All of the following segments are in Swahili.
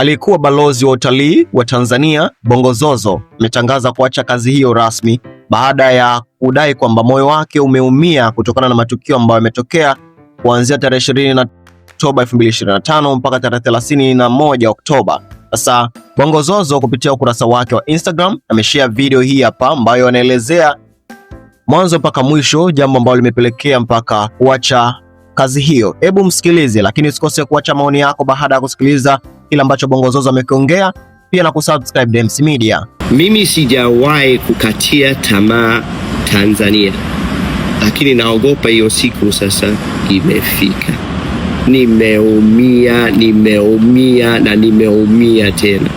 Aliyekuwa balozi wa utalii wa Tanzania Bongozozo ametangaza kuacha kazi hiyo rasmi baada ya kudai kwamba moyo wake umeumia kutokana na matukio ambayo yametokea kuanzia tarehe 20 Oktoba 2025 mpaka tarehe 31 Oktoba. Sasa Bongozozo kupitia ukurasa wake wa Instagram ameshare video hii hapa ambayo anaelezea mwanzo mpaka mwisho, jambo ambalo limepelekea mpaka kuacha kazi hiyo. Hebu msikilize, lakini usikose kuacha maoni yako baada ya kusikiliza kile ambacho Bongo Zozo amekiongea, pia na kusubscribe Dems Media. Mimi sijawahi kukatia tamaa Tanzania, lakini naogopa hiyo siku sasa imefika. Nimeumia, nimeumia na nimeumia tena,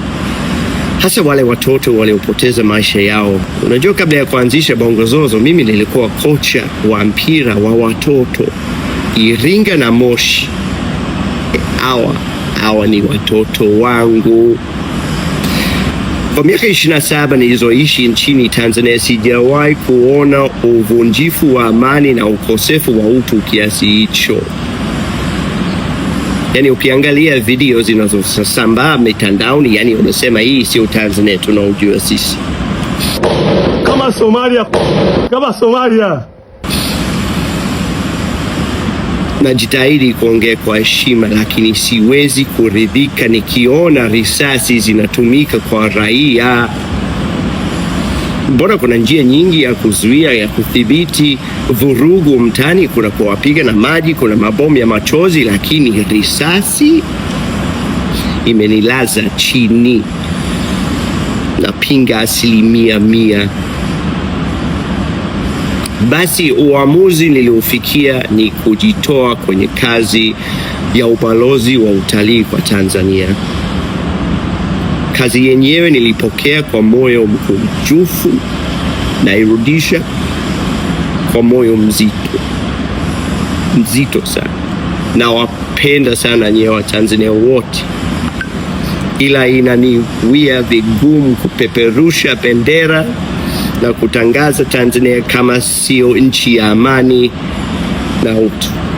hasa wale watoto waliopoteza maisha yao. Unajua, kabla ya kuanzisha Bongo Zozo mimi nilikuwa kocha wa mpira wa watoto Iringa na Moshi. Hawa hawa ni watoto wangu. Kwa miaka 27 nilizoishi nchini Tanzania sijawahi kuona uvunjifu wa amani na ukosefu wa utu kiasi hicho. Yani, ukiangalia video zinazosambaa mitandaoni, yani unasema hii sio Tanzania tunaojua sisi kama Somalia, kama Somalia. najitahidi kuongea kwa heshima, lakini siwezi kuridhika nikiona risasi zinatumika kwa raia. Mbona kuna njia nyingi ya kuzuia, ya kudhibiti vurugu mtaani. Kuna kuwapiga na maji, kuna mabomu ya machozi, lakini risasi imenilaza chini. Napinga asilimia mia. Basi uamuzi niliofikia ni kujitoa kwenye kazi ya ubalozi wa utalii kwa Tanzania. Kazi yenyewe nilipokea kwa moyo mkunjufu, nairudisha kwa moyo mzito mzito sana. Nawapenda sana nyewe Watanzania wote, ila inaniwia vigumu kupeperusha bendera na kutangaza Tanzania kama sio nchi ya amani na utu.